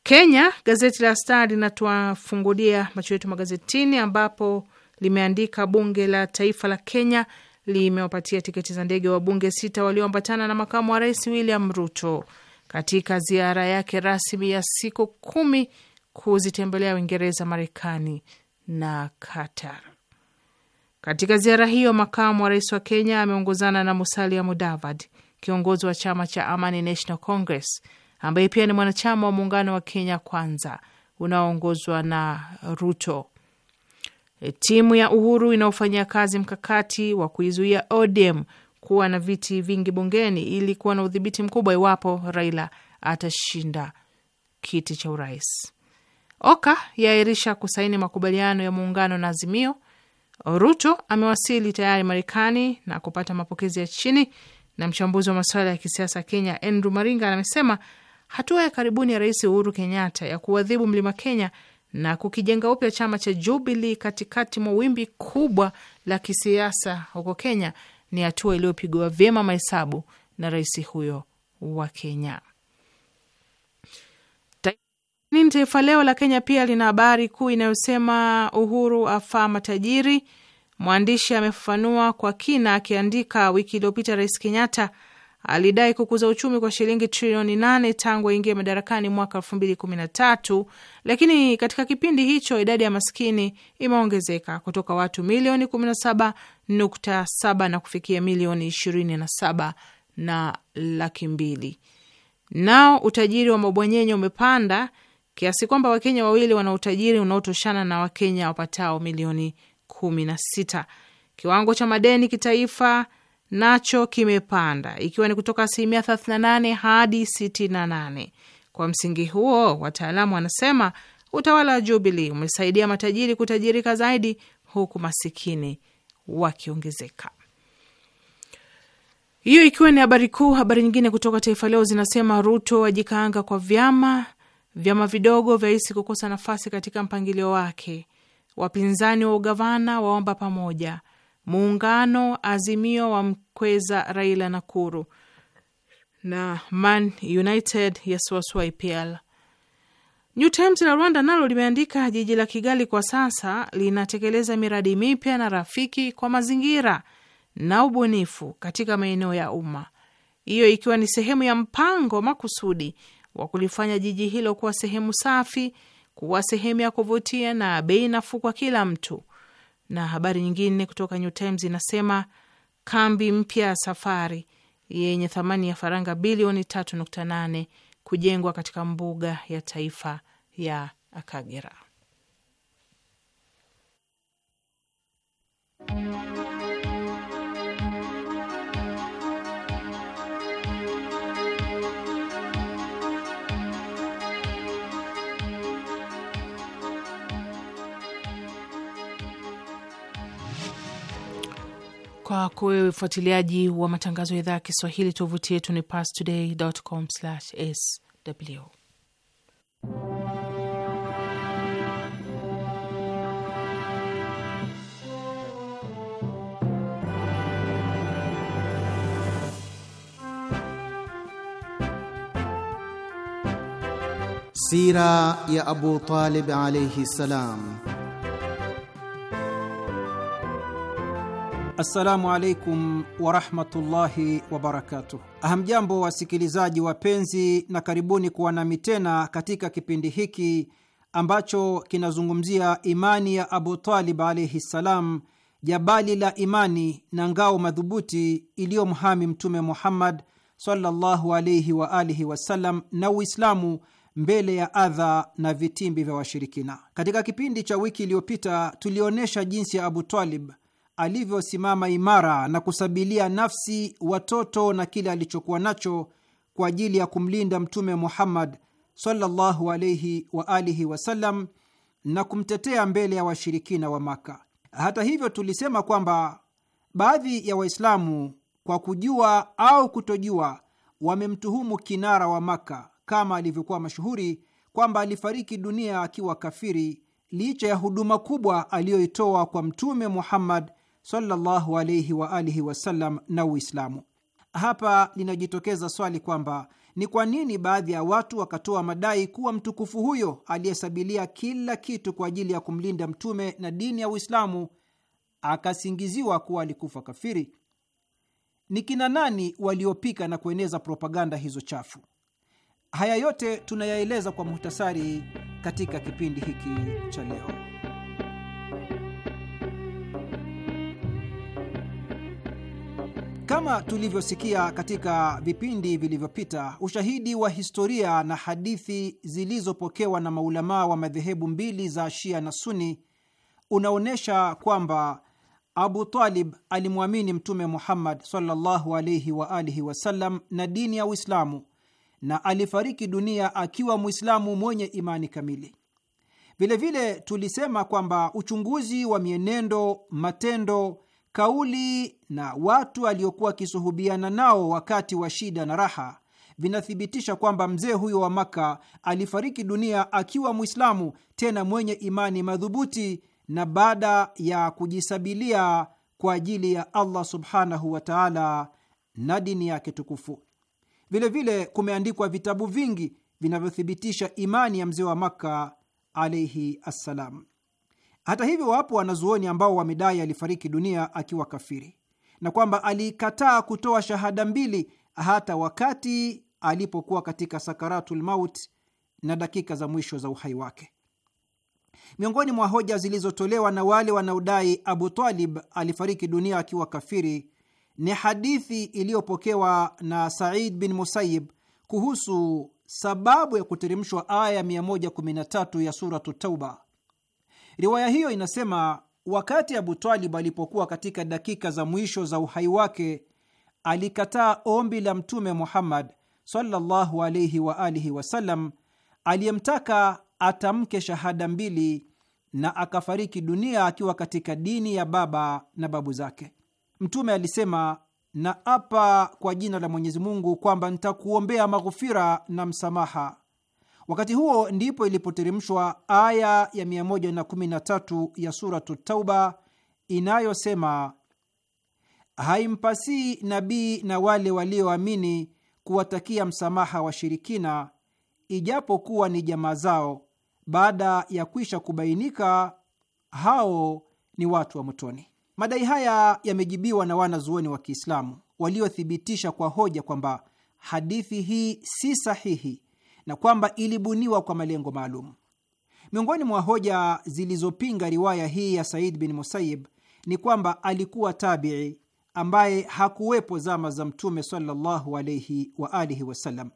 Kenya, gazeti la Star linatuafungulia macho yetu magazetini, ambapo limeandika bunge la taifa la Kenya limewapatia tiketi za ndege wa bunge sita walioambatana na makamu wa rais William Ruto katika ziara yake rasmi ya siku kumi kuzitembelea Uingereza, Marekani na Qatar. Katika ziara hiyo, makamu wa rais wa Kenya ameongozana na Musalia Mudavadi, kiongozi wa chama cha Amani National Congress, ambaye pia ni mwanachama wa muungano wa Kenya Kwanza unaoongozwa na Ruto. Timu ya Uhuru inaofanyia kazi mkakati wa kuizuia ODM kuwa na viti vingi bungeni ili kuwa na udhibiti mkubwa iwapo Raila atashinda kiti cha urais. Oka yaahirisha kusaini makubaliano ya muungano na Azimio. Ruto amewasili tayari Marekani na kupata mapokezi ya chini. Na mchambuzi wa masuala ya kisiasa Kenya Andrew Maringa amesema hatua ya karibuni ya Rais Uhuru Kenyatta ya kuadhibu mlima Kenya na kukijenga upya chama cha Jubilee katikati mwa wimbi kubwa la kisiasa huko Kenya ni hatua iliyopigwa vyema mahesabu na rais huyo wa Kenya. Lakini Taifa Leo la Kenya pia lina habari kuu inayosema Uhuru afaa matajiri. Mwandishi amefafanua kwa kina akiandika, wiki iliyopita Rais Kenyatta alidai kukuza uchumi kwa shilingi trilioni nane tangu aingie madarakani mwaka elfu mbili kumi na tatu, lakini katika kipindi hicho idadi ya maskini imeongezeka kutoka watu milioni kumi na saba nukta saba na kufikia milioni ishirini na saba na laki mbili. Nao utajiri wa mabwanyenye umepanda kiasi kwamba Wakenya wawili wana utajiri unaotoshana na Wakenya wapatao milioni kumi na sita. Kiwango cha madeni kitaifa nacho kimepanda ikiwa ni kutoka asilimia 38 hadi 68. Kwa msingi huo, wataalamu wanasema utawala wa Jubilee umesaidia matajiri kutajirika zaidi huku masikini wakiongezeka. Hiyo ikiwa ni habari kuu. Habari nyingine kutoka Taifa Leo zinasema Ruto ajikaanga kwa vyama vyama vidogo vyahisi kukosa nafasi katika mpangilio wake. Wapinzani wa ugavana waomba pamoja. Muungano Azimio mkweza Raila Nakuru, na Man United yasuasua IPL. New Times la Rwanda nalo limeandika, jiji la Kigali kwa sasa linatekeleza miradi mipya na rafiki kwa mazingira na ubunifu katika maeneo ya umma, hiyo ikiwa ni sehemu ya mpango makusudi wa kulifanya jiji hilo kuwa sehemu safi, kuwa sehemu ya kuvutia na bei nafuu kwa kila mtu. Na habari nyingine kutoka New Times inasema kambi mpya ya safari yenye thamani ya faranga bilioni 3.8 kujengwa katika mbuga ya taifa ya Akagera. kwako wewe ufuatiliaji wa matangazo ya idhaa ya Kiswahili. Tovuti yetu ni pastoday.com/sw. Sira ya Abu Talib alayhi salam Assalamu alaikum warahmatullahi wabarakatuh. Hamjambo wasikilizaji wapenzi, na karibuni kuwa nami tena katika kipindi hiki ambacho kinazungumzia imani ya Abu Talib alaihi ssalam, jabali la imani na ngao madhubuti iliyomhami Mtume Muhammad sallallahu alaihi wa alihi wasallam na Uislamu mbele ya adha na vitimbi vya washirikina. Katika kipindi cha wiki iliyopita tulionyesha jinsi ya Abu Talib alivyosimama imara na kusabilia nafsi, watoto na kile alichokuwa nacho kwa ajili ya kumlinda Mtume Muhammad sallallahu alayhi wa alihi wasallam na kumtetea mbele ya washirikina wa Maka. Hata hivyo, tulisema kwamba baadhi ya Waislamu kwa kujua au kutojua wamemtuhumu kinara wa Maka kama alivyokuwa mashuhuri kwamba alifariki dunia akiwa kafiri licha ya huduma kubwa aliyoitoa kwa Mtume Muhammad sallallahu alayhi wa alihi wasallam na Uislamu. Hapa linajitokeza swali kwamba ni kwa nini baadhi ya watu wakatoa madai kuwa mtukufu huyo aliyesabilia kila kitu kwa ajili ya kumlinda mtume na dini ya Uislamu akasingiziwa kuwa alikufa kafiri? Ni kina nani waliopika na kueneza propaganda hizo chafu? Haya yote tunayaeleza kwa muhtasari katika kipindi hiki cha leo. Kama tulivyosikia katika vipindi vilivyopita, ushahidi wa historia na hadithi zilizopokewa na maulamaa wa madhehebu mbili za Shia na Suni unaonyesha kwamba Abu Talib alimwamini Mtume Muhammad sallallahu alaihi wa alihi wasallam na dini ya Uislamu na alifariki dunia akiwa Mwislamu mwenye imani kamili. Vilevile tulisema kwamba uchunguzi wa mienendo, matendo kauli na watu aliokuwa wakisuhubiana nao wakati wa shida na raha vinathibitisha kwamba mzee huyo wa Maka alifariki dunia akiwa Mwislamu, tena mwenye imani madhubuti na baada ya kujisabilia kwa ajili ya Allah subhanahu wa taala na dini yake tukufu. Vilevile kumeandikwa vitabu vingi vinavyothibitisha imani ya mzee wa Makka alaihi assalam. Hata hivyo, wapo wanazuoni ambao wamedai alifariki dunia akiwa kafiri na kwamba aliikataa kutoa shahada mbili hata wakati alipokuwa katika sakaratul maut na dakika za mwisho za uhai wake. Miongoni mwa hoja zilizotolewa na wale wanaodai Abu Talib alifariki dunia akiwa kafiri ni hadithi iliyopokewa na Said bin Musayib kuhusu sababu ya kuteremshwa aya 113 ya Suratu Tauba Riwaya hiyo inasema, wakati Abu Talib alipokuwa katika dakika za mwisho za uhai wake, alikataa ombi la Mtume Muhammad sallallahu wa alihi wasallam aliyemtaka atamke shahada mbili na akafariki dunia akiwa katika dini ya baba na babu zake. Mtume alisema, na apa kwa jina la Mwenyezi Mungu kwamba nitakuombea maghufira na msamaha Wakati huo ndipo ilipoteremshwa aya ya 113 ya Suratu Tauba inayosema, haimpasii nabii na wale walioamini kuwatakia msamaha washirikina, ijapokuwa ni jamaa zao, baada ya kwisha kubainika hao ni watu wa motoni. Madai haya yamejibiwa na wanazuoni wa Kiislamu waliothibitisha kwa hoja kwamba hadithi hii si sahihi na kwamba ilibuniwa kwa malengo maalum. Miongoni mwa hoja zilizopinga riwaya hii ya Said bin Musayib ni kwamba alikuwa tabii ambaye hakuwepo zama za Mtume sallallahu alaihi wa alihi wasallam,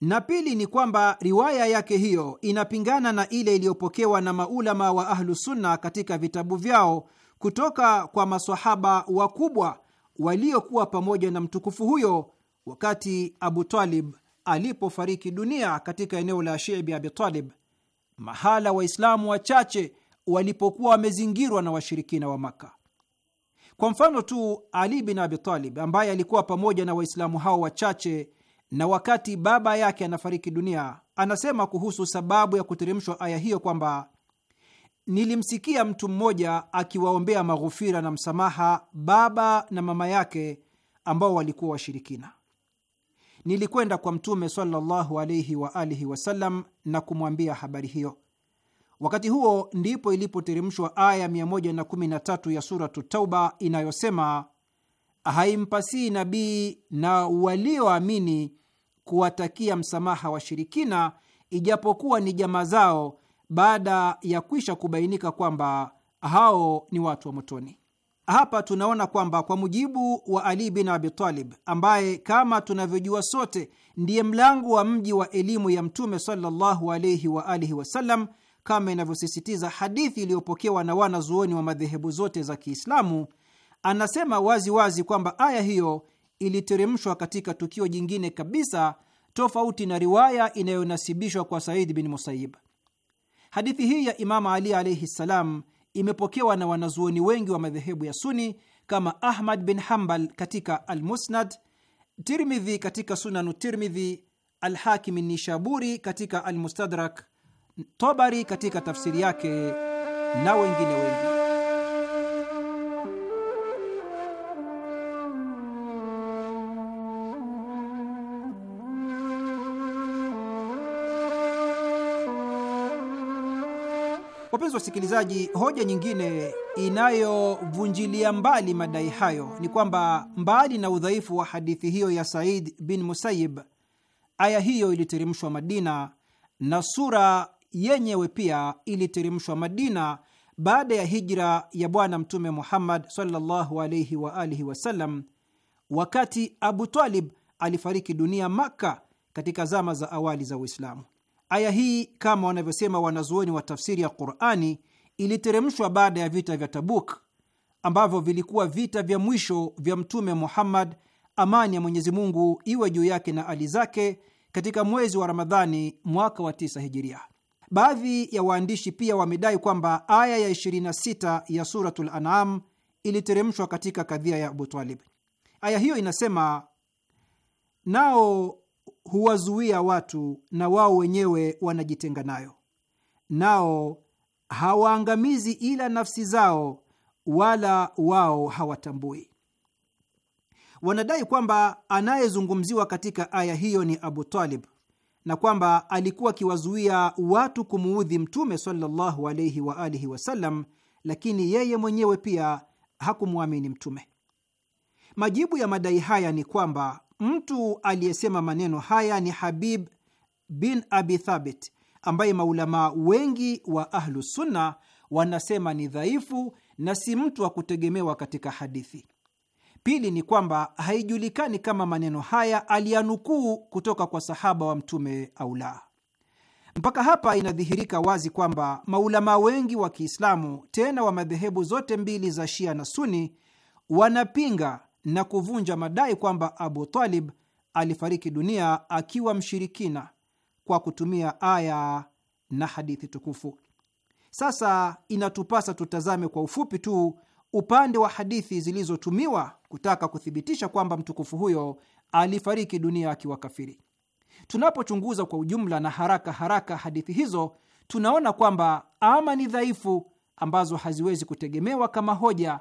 na pili ni kwamba riwaya yake hiyo inapingana na ile iliyopokewa na maulama wa Ahlusunna katika vitabu vyao kutoka kwa masahaba wakubwa waliokuwa pamoja na mtukufu huyo wakati Abu Talib alipofariki dunia katika eneo la Shiibi Abitalib, mahala Waislamu wachache walipokuwa wamezingirwa na washirikina wa Maka. Kwa mfano tu, Ali bin Abitalib ambaye alikuwa pamoja na Waislamu hao wachache, na wakati baba yake anafariki dunia, anasema kuhusu sababu ya kuteremshwa aya hiyo kwamba nilimsikia mtu mmoja akiwaombea maghufira na msamaha baba na mama yake ambao walikuwa washirikina. Nilikwenda kwa Mtume sallallahu alaihi wa alihi wasallam na kumwambia habari hiyo. Wakati huo ndipo ilipoteremshwa aya 113 ya Suratu Tauba inayosema, haimpasii nabii na walioamini kuwatakia msamaha washirikina ijapokuwa ni jamaa zao, baada ya kwisha kubainika kwamba hao ni watu wa motoni. Hapa tunaona kwamba kwa mujibu wa Ali bin Abi Talib, ambaye kama tunavyojua sote ndiye mlango wa mji wa elimu ya Mtume sallallahu alayhi wa alihi wasallam, kama inavyosisitiza hadithi iliyopokewa na wanazuoni wa madhehebu zote za Kiislamu, anasema waziwazi wazi kwamba aya hiyo iliteremshwa katika tukio jingine kabisa tofauti na riwaya inayonasibishwa kwa Said bin musayib Hadithi hii ya Imamu Ali alaihi ssalam imepokewa na wanazuoni wengi wa madhehebu ya Suni kama Ahmad bin Hambal katika Almusnad, Tirmidhi katika Sunanu Tirmidhi, Alhakimi Nishaburi katika Almustadrak, Tobari katika tafsiri yake na wengine wengi. Wapenzi wasikilizaji, hoja nyingine inayovunjilia mbali madai hayo ni kwamba mbali na udhaifu wa hadithi hiyo ya Said bin Musayib, aya hiyo iliteremshwa Madina na sura yenyewe pia iliteremshwa Madina baada ya hijra ya Bwana Mtume Muhammad sallallahu alaihi wa alihi wasallam, wakati Abu Talib alifariki dunia Makka katika zama za awali za Uislamu. Aya hii kama wanavyosema wanazuoni wa tafsiri ya Qurani iliteremshwa baada ya vita vya Tabuk ambavyo vilikuwa vita vya mwisho vya Mtume Muhammad, amani ya Mwenyezi Mungu iwe juu yake na ali zake, katika mwezi wa Ramadhani mwaka wa tisa Hijiria. Baadhi ya waandishi pia wamedai kwamba aya ya 26 ya Suratul An'am iliteremshwa katika kadhia ya Abu Talib. Aya hiyo inasema, nao huwazuia watu na wao wenyewe wanajitenga nayo, nao hawaangamizi ila nafsi zao, wala wao hawatambui. Wanadai kwamba anayezungumziwa katika aya hiyo ni Abu Talib na kwamba alikuwa akiwazuia watu kumuudhi Mtume sallallahu alaihi wa alihi wasallam, lakini yeye mwenyewe pia hakumwamini Mtume. Majibu ya madai haya ni kwamba Mtu aliyesema maneno haya ni Habib bin Abi Thabit, ambaye maulamaa wengi wa Ahlusunna wanasema ni dhaifu na si mtu wa kutegemewa katika hadithi. Pili ni kwamba haijulikani kama maneno haya aliyanukuu kutoka kwa sahaba wa Mtume au la. Mpaka hapa inadhihirika wazi kwamba maulamaa wengi wa Kiislamu, tena wa madhehebu zote mbili za Shia na Suni, wanapinga na kuvunja madai kwamba Abu Talib alifariki dunia akiwa mshirikina kwa kutumia aya na hadithi tukufu. Sasa inatupasa tutazame kwa ufupi tu upande wa hadithi zilizotumiwa kutaka kuthibitisha kwamba mtukufu huyo alifariki dunia akiwa kafiri. Tunapochunguza kwa ujumla na haraka haraka hadithi hizo, tunaona kwamba ama ni dhaifu ambazo haziwezi kutegemewa kama hoja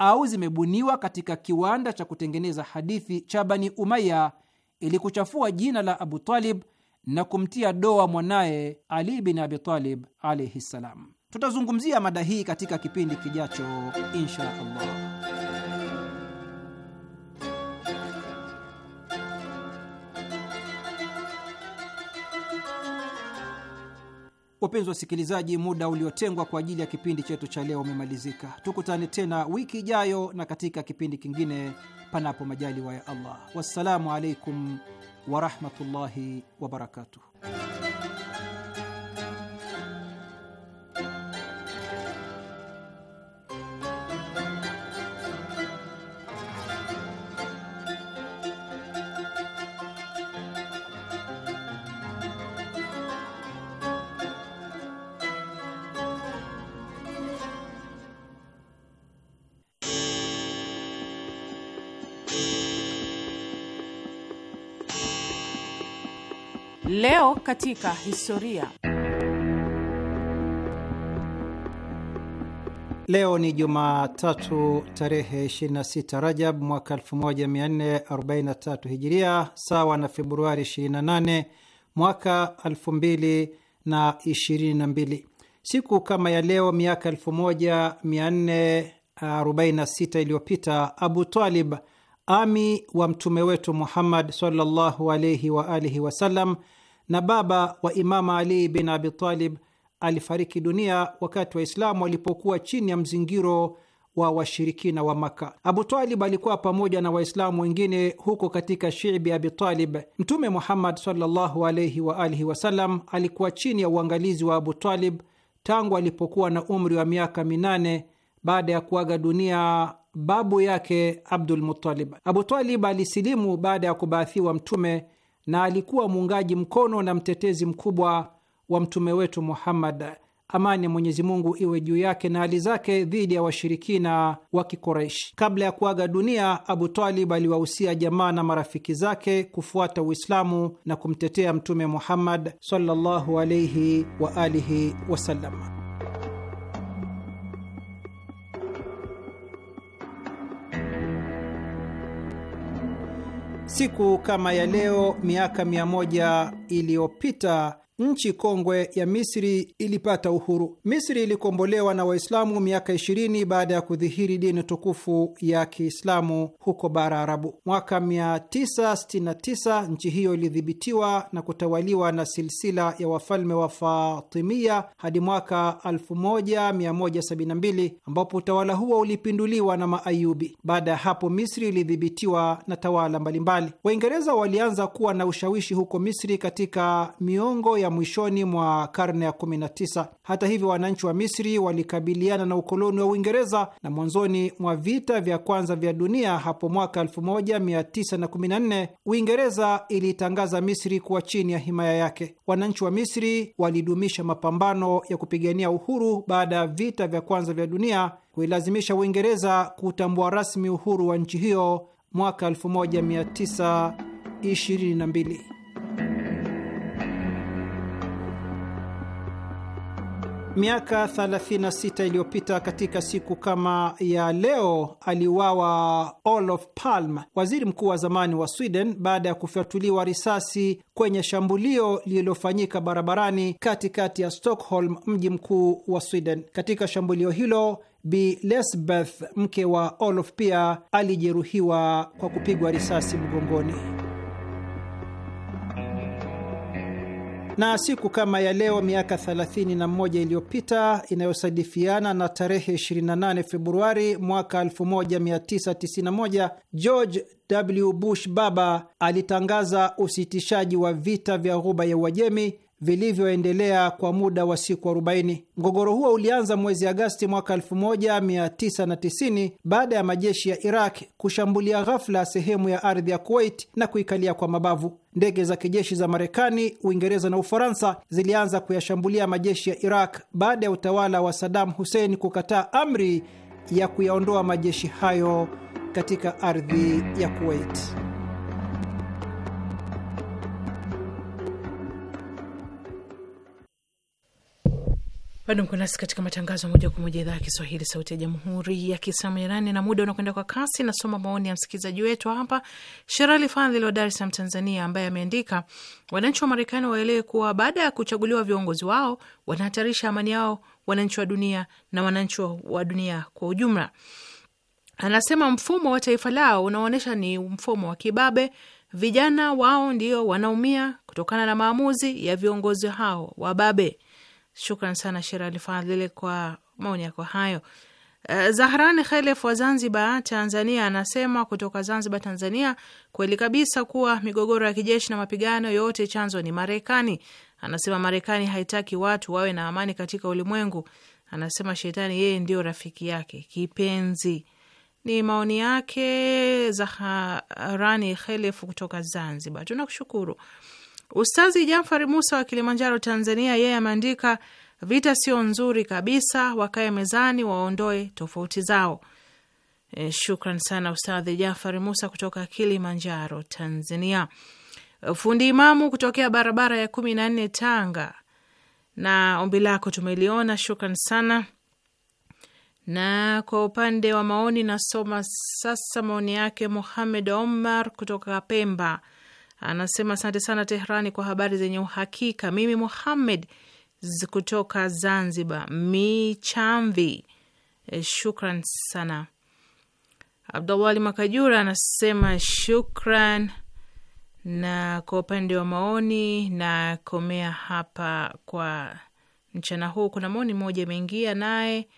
au zimebuniwa katika kiwanda cha kutengeneza hadithi cha Bani Umaya ili kuchafua jina la Abu Talib na kumtia doa mwanaye Ali bin Abi Talib alaihi ssalam. Tutazungumzia mada hii katika kipindi kijacho, insha Allah. Wapenzi wasikilizaji, muda uliotengwa kwa ajili ya kipindi chetu cha leo umemalizika. Tukutane tena wiki ijayo na katika kipindi kingine, panapo majaliwa ya Allah. Wassalamu alaikum warahmatullahi wabarakatuh. Leo katika historia. Leo ni Jumatatu tarehe 26 Rajab mwaka 1443 Hijiria, sawa na Februari 28 mwaka 2022. Siku kama ya leo miaka 1446 iliyopita, Abu Talib ami wa mtume wetu Muhammad sallallahu alaihi wa alihi wasallam na baba wa Imama Ali bin Abitalib alifariki dunia wakati Waislamu walipokuwa chini ya mzingiro wa washirikina wa Maka. Abu Talib alikuwa pamoja na Waislamu wengine huko katika shibi Abi Talib. Mtume Muhammad sallallahu alaihi wa alihi wasallam alikuwa chini ya uangalizi wa Abu Talib tangu alipokuwa na umri wa miaka minane baada ya kuaga dunia babu yake Abdul Muttalib. Abu Talib alisilimu baada ya kubaathiwa Mtume na alikuwa muungaji mkono na mtetezi mkubwa wa mtume wetu Muhammad, amani ya Mwenyezi Mungu iwe juu yake na hali zake, dhidi ya washirikina wa Kikoreishi. Kabla ya kuaga dunia, Abu Talib aliwahusia jamaa na marafiki zake kufuata Uislamu na kumtetea Mtume Muhammad sallallahu alaihi wa alihi wasallam. Siku kama ya leo miaka mia moja iliyopita nchi kongwe ya Misri ilipata uhuru. Misri ilikombolewa na Waislamu miaka 20 baada ya kudhihiri dini tukufu ya Kiislamu huko bara Arabu. Mwaka 969 nchi hiyo ilidhibitiwa na kutawaliwa na silsila ya wafalme wa Fatimia hadi mwaka 1172 ambapo utawala huo ulipinduliwa na Maayubi. Baada ya hapo, Misri ilidhibitiwa na tawala mbalimbali. Waingereza walianza kuwa na ushawishi huko Misri katika miongo ya mwishoni mwa karne ya 19. Hata hivyo, wananchi wa Misri walikabiliana na ukoloni wa Uingereza na mwanzoni mwa vita vya kwanza vya dunia hapo mwaka 1914 Uingereza ilitangaza Misri kuwa chini ya himaya yake. Wananchi wa Misri walidumisha mapambano ya kupigania uhuru baada ya vita vya kwanza vya dunia kuilazimisha Uingereza kutambua rasmi uhuru wa nchi hiyo mwaka 1922. Miaka 36 iliyopita katika siku kama ya leo aliuawa Olof Palme, waziri mkuu wa zamani wa Sweden, baada ya kufyatuliwa risasi kwenye shambulio lililofanyika barabarani katikati ya Stockholm, mji mkuu wa Sweden. Katika shambulio hilo, Bi Lesbeth, mke wa Olof, pia alijeruhiwa kwa kupigwa risasi mgongoni. na siku kama ya leo miaka 31 iliyopita inayosadifiana na tarehe 28 Februari mwaka 1991 George W. Bush baba alitangaza usitishaji wa vita vya Ghuba ya Uajemi vilivyoendelea kwa muda wa siku 40. Mgogoro huo ulianza mwezi Agasti mwaka 1990 baada ya majeshi ya Iraq kushambulia ghafla sehemu ya ardhi ya Kuwait na kuikalia kwa mabavu. Ndege za kijeshi za Marekani, Uingereza na Ufaransa zilianza kuyashambulia majeshi ya Iraq baada ya utawala wa Saddam Hussein kukataa amri ya kuyaondoa majeshi hayo katika ardhi ya Kuwait. Bado mko nasi katika matangazo moja kwa moja idhaa ya Kiswahili sauti ya jamhuri ya kiislamu ya Irani, na muda unakwenda kwa kasi. Nasoma maoni ya msikilizaji wetu hapa, Sherali Fadhili wa Dar es Salaam, Tanzania, ambaye ameandika, wananchi wa Marekani waelewe kuwa baada ya kuchaguliwa viongozi wao wanahatarisha amani yao, wananchi wa dunia na wananchi wa dunia kwa ujumla. Anasema mfumo wa taifa lao unaonyesha ni mfumo wa kibabe. Vijana wao ndio wanaumia kutokana na maamuzi ya viongozi hao wababe. Shukran sana Sherali Fadhili kwa maoni yako hayo. Eh, Zahrani Khelef wa Zanzibar, Tanzania, anasema kutoka Zanzibar, Tanzania, kweli kabisa kuwa migogoro ya kijeshi na mapigano yote chanzo ni Marekani. Anasema Marekani haitaki watu wawe na amani katika ulimwengu. Anasema shetani yeye ndio rafiki yake kipenzi. Ni maoni yake Zahrani Khelef kutoka Zanzibar, tunakushukuru. Ustazi Jafari Musa wa Kilimanjaro, Tanzania, yeye ameandika vita sio nzuri kabisa, wakae mezani waondoe tofauti zao. E, shukran sana Ustadhi Jafari Musa kutoka Kilimanjaro, Tanzania. Fundi Imamu kutokea barabara ya kumi na nne Tanga, na ombi lako tumeliona, shukran sana. Na kwa upande wa maoni nasoma sasa maoni yake Muhamed Omar kutoka Pemba anasema asante sana Tehrani kwa habari zenye uhakika. Mimi Muhammed kutoka Zanzibar, Michamvi. E, shukran sana. Abdulwali Makajura anasema shukran, na kwa upande wa maoni na komea hapa kwa mchana huu. Kuna maoni moja imeingia naye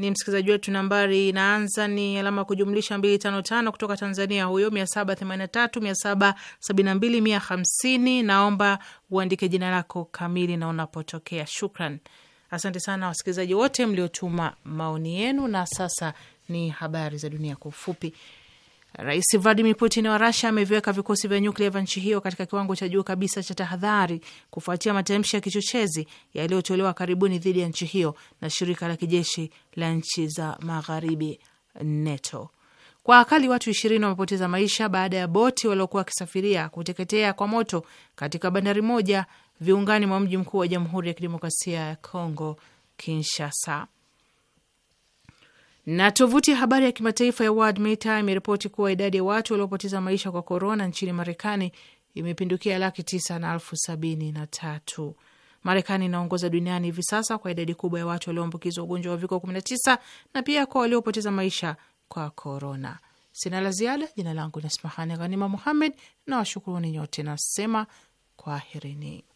ni msikilizaji wetu nambari inaanza ni alama ya kujumlisha tano kutoka Tanzania, huyo mia mia saba saba tatu mbili mia hamsini Naomba uandike jina lako kamili na unapotokea. Shukran, asante sana wasikilizaji wote mliotuma maoni yenu. Na sasa ni habari za dunia kwa ufupi. Rais Vladimir Putin wa Rasia ameviweka vikosi vya nyuklia vya nchi hiyo katika kiwango cha juu kabisa cha tahadhari kufuatia matamshi ya kichochezi yaliyotolewa karibuni dhidi ya nchi hiyo na shirika la kijeshi la nchi za magharibi NATO. Kwa akali watu ishirini wamepoteza maisha baada ya boti waliokuwa wakisafiria kuteketea kwa moto katika bandari moja viungani mwa mji mkuu wa Jamhuri ya Kidemokrasia ya Kongo, Kinshasa. Na tovuti ya habari ya kimataifa ya World Meter imeripoti kuwa idadi ya watu waliopoteza maisha kwa korona nchini Marekani imepindukia laki tisa na elfu sabini na tatu. Marekani inaongoza duniani hivi sasa kwa idadi kubwa ya watu walioambukizwa ugonjwa wa uviko 19 na pia kwa waliopoteza maisha kwa korona. Sina la ziada. Jina langu ni Asmahani Ghanima Muhammed na washukuruni nyote, nasema kwaherini.